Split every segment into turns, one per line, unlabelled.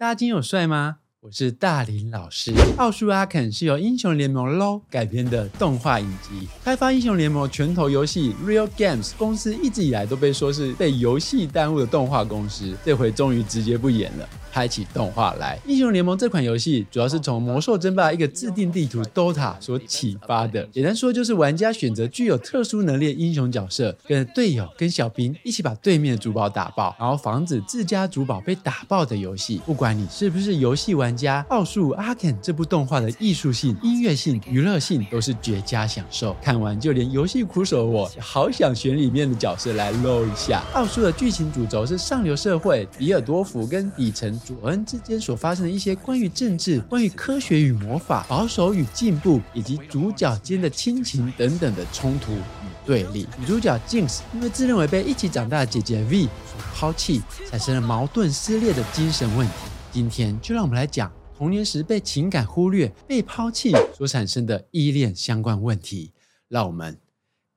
大家今天有帥嗎？我是大林老師。奧術 Arcane 是由《英雄聯盟》LOL 改編的動畫影集。開發《英雄聯盟》拳頭遊戲 Riot Games 公司一直以來都被說是被遊戲耽誤的動畫公司，這回終於直接不演了。拍起動畫來，《英雄聯盟》這款遊戲主要是從《魔獸爭霸》一個自訂地圖 DOTA 所啟發的，簡單說就是玩家選擇具有特殊能力的英雄角色，跟着隊友跟小兵一起把對面的主堡打爆，然後防止自家主堡被打爆的遊戲。不管你是不是遊戲玩家，《奧術 Arcane》這部動畫的藝術性、音樂性、娛樂性都是絕佳享受。看完就連遊戲苦手的我，好想選裡面的角色來 LOL 一下。奧術的劇情主軸是上流社會皮爾托福跟底城佐恩之間所發生的一些關於政治、關於科學與魔法、保守與進步，以及主角間的親情等等的衝突與對立。女主角 Jinx 因為自認為被一起長大的姐姐 Vi 所拋棄，產生了矛盾撕裂的精神問題。今天就讓我們來講童年時被情感忽略、被拋棄所產生的依戀相關問題。讓我們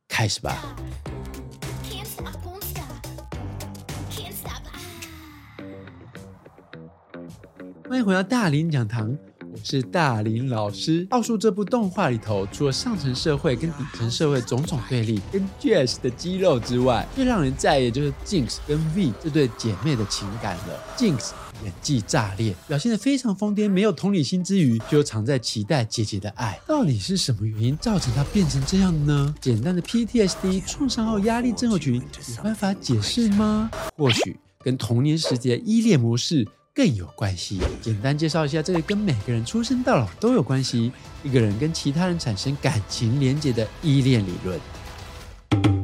開始吧。歡迎回到大林講堂，我是大林老師。奧術這部動畫裡頭，除了上層社會跟底層社會種種對立，跟 Jayce 的肌肉之外，最讓人在意的就是 Jinx 跟 Vi 這對姐妹的情感了。Jinx 演技炸裂，表現得非常瘋癲，沒有同理心之餘，就常在期待姐姐的愛。到底是什麼原因造成她變成這樣呢？簡單的 PTSD 創傷後壓力症候群有辦法解釋嗎？或許跟童年時期的依戀模式更有關係。簡單介紹一下這個跟每個人出生到老都有關係，一個人跟其他人產生感情連結的依戀理論。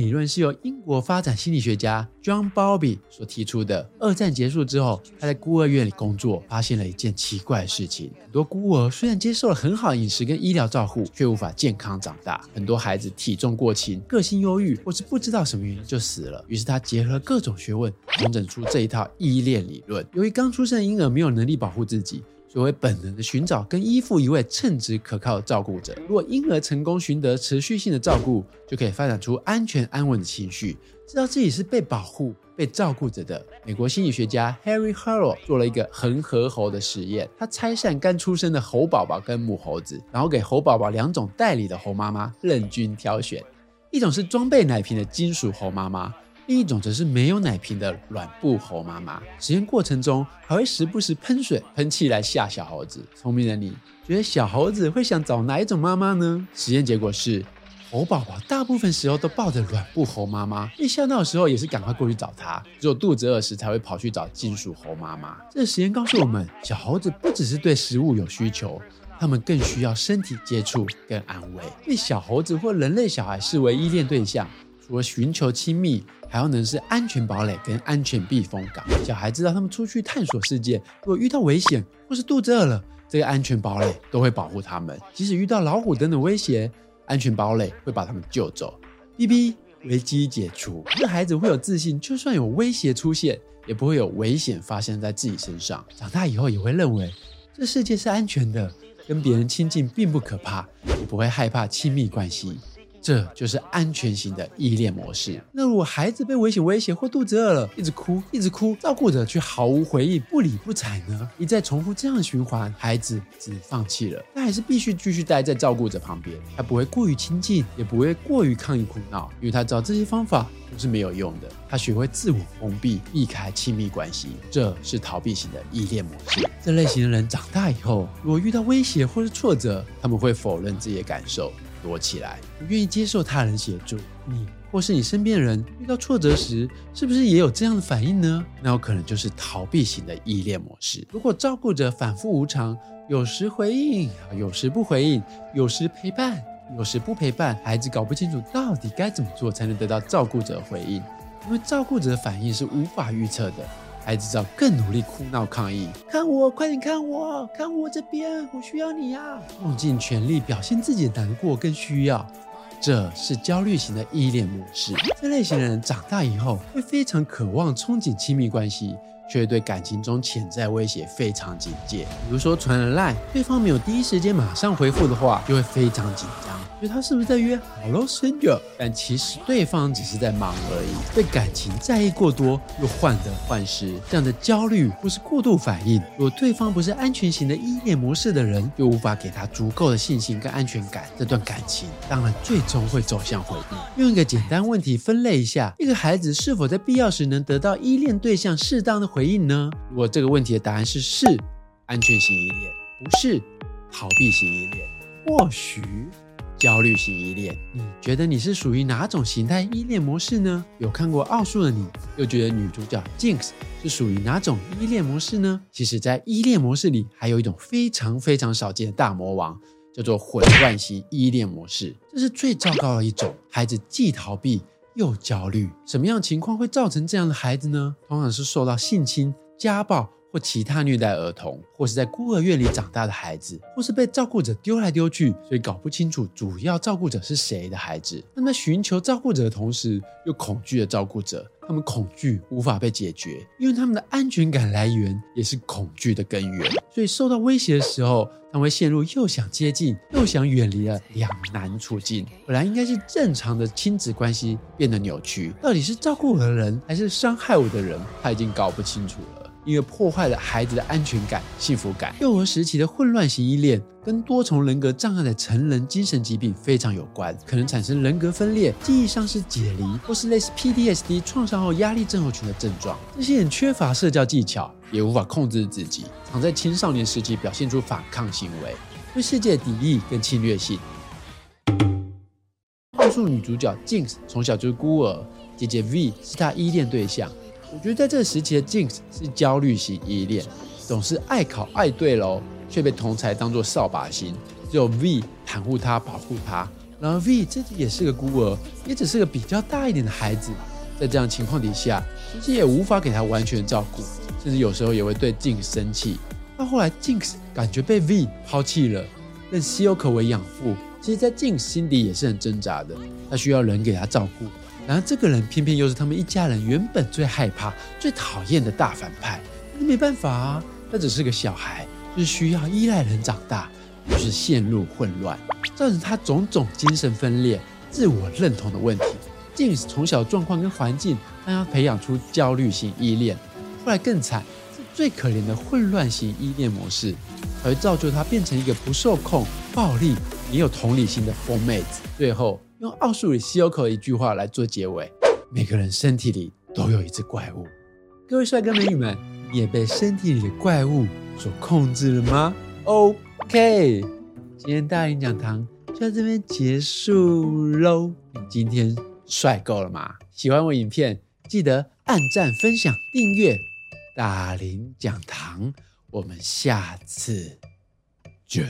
理論是由英國發展心理學家 John Bowlby 所提出的。二戰結束之後，他在孤兒院裡工作，發現了一件奇怪的事情：很多孤兒雖然接受了很好的飲食跟醫療照護，卻無法健康長大。很多孩子體重過輕，個性憂鬱，或是不知道什麼原因就死了。於是他結合各種學問，整理出這一套依戀理論。由於剛出生的嬰兒沒有能力保護自己。作為本能的尋找跟依附一位稱職可靠的照顧者。如果嬰兒成功尋得持續性的照顧，就可以發展出安全安穩的情緒，知道自己是被保護、被照顧着的。美國心理學家 Harry Harlow 做了一個恆河猴的實驗，他拆散剛出生的猴寶寶跟母猴子，然後給猴寶寶兩種代理的猴媽媽任君挑選，一種是裝備奶瓶的金屬猴媽媽。另一種則是沒有奶瓶的軟布猴媽媽。實驗過程中還會時不時噴水、噴氣來嚇小猴子。聰明的你，覺得小猴子會想找哪一種媽媽呢？實驗結果是，猴寶寶大部分時候都抱着軟布猴媽媽，被嚇到的時候也是趕快過去找它。只有肚子餓時才會跑去找金屬猴媽媽。這個實驗告訴我們，小猴子不只是對食物有需求，他們更需要身體接觸跟安慰，被小猴子或人類小孩視為依戀對象。除了尋求親密，還要能是安全堡壘跟安全避風港。小孩知道他們出去探索世界，如果遇到危險或是肚子餓了，這個安全堡壘都會保護他們。即使遇到老虎等等威脅，安全堡壘會把他們救走。B B，危機解除。這孩子會有自信，就算有威脅出現，也不會有危險發生在自己身上。長大以後也會認為這世界是安全的，跟別人親近並不可怕，也不會害怕親密關係。這就是安全型的依戀模式。那如果孩子被危險威脅或肚子餓了，一直哭一直哭，照顧者卻毫無回應不理不睬呢？一再重复這樣的循環，孩子只能放棄了。他還是必須繼續待在照顧者旁邊，他不會過於親近，也不會過於抗議哭鬧，因為他知道這些方法都是沒有用的。他學會自我封閉，避開親密關係，這是逃避型的依戀模式。這類型的人長大以後，如果遇到威脅或是挫折，他們會否認自己的感受。躲起來，不願意接受他人協助。你或是你身邊人遇到挫折時，是不是也有這樣的反應呢？那有可能就是逃避型的依戀模式。如果照顧者反覆無常，有時回應，有時不回應，有時陪伴，有時不陪伴，孩子搞不清楚到底該怎麼做才能得到照顧者回應，因為照顧者的反應是無法預測的。孩子則更努力哭鬧抗議，看我，快點看我，看我這邊，我需要你呀、啊！用盡全力表現自己的難過跟需要，這是焦慮型的依戀模式。這類型的人長大以後會非常渴望憧憬親密關係。卻對感情中潛在威脅非常警戒，比如說傳了賴，對方沒有第一時間馬上回復的話，就會非常緊張，覺得他是不是在約 hello stranger 但其實對方只是在忙而已。對感情在意過多，又患得患失，這樣的焦慮或是過度反應，若對方不是安全型的依戀模式的人，又無法給他足夠的信心跟安全感，這段感情當然最終會走向迴避。用一個簡單問題分類一下：一個孩子是否在必要時能得到依戀對象適當的？回應呢？如果這個問題的答案是：是安全型依戀，不是逃避型依戀，或許焦慮型依戀。你、嗯、覺得你是屬於哪種形態依戀模式呢？有看過奧術的你，又覺得女主角 Jinx 是屬於哪種依戀模式呢？其實，在依戀模式裡，還有一種非常非常少見的大魔王，叫做混亂型依戀模式，這是最糟糕的一種，孩子既逃避。又焦慮，什麼樣情況會造成這樣的孩子呢？通常是受到性侵、家暴。或其他虐待兒童，或是在孤兒院裡長大的孩子，或是被照顧者丟來丟去，所以搞不清楚主要照顧者是誰的孩子。那麼，尋求照顧者的同時，又恐懼的照顧者，他們恐懼無法被解決，因為他們的安全感來源也是恐懼的根源。所以，受到威脅的時候，他們會陷入又想接近又想遠離的兩難處境。本來應該是正常的親子關係變得扭曲，到底是照顧我的人，還是傷害我的人？他已經搞不清楚了。因為破壞了孩子的安全感、幸福感，幼兒時期的混亂型依戀跟多重人格障礙的成人精神疾病非常有關，可能產生人格分裂、記憶喪失、解離，或是類似 PTSD（ 創傷後壓力症候群）的症狀。這些人缺乏社交技巧，也無法控制自己，常在青少年時期表現出反抗行為，對世界的敵意跟侵略性。奧術女主角 Jinx，從小就是孤兒，姐姐 Vi 是她依戀對象。我覺得在這個時期的 Jinx 是焦慮型依戀，總是愛考愛對嘍，卻被同儕當作掃把星。只有 V 袒護他保護他，然後 V 自己也是個孤兒，也只是個比較大一點的孩子，在這樣情況底下，其實也無法給他完全照顧，甚至有時候也會對 Jinx 生氣。但後來 Jinx 感覺被 V 拋棄了，認西歐可為養父，其實，在 Jinx 心底也是很掙扎的，他需要人給他照顧。然而，這個人偏偏又是他們一家人原本最害怕、最討厭的大反派。那沒辦法啊，他只是個小孩，是需要依賴人長大，於是陷入混亂，造成他種種精神分裂、自我認同的問題。進而從小的狀況跟環境，讓他培養出焦慮型依戀。後來更慘，是最可憐的混亂型依戀模式，而造就他變成一個不受控、暴力、沒有同理心的瘋妹子。最後。用奧術裡希爾科的一句話來做結尾：每個人身體裡都有一隻怪物。各位帥哥美女們，也被身體裡的怪物所控制了嗎？OK，今天大林講堂就到這邊結束嘍。你今天帥夠了嗎？喜歡我的影片，記得按讚、分享、訂閱大林講堂。我們下次見。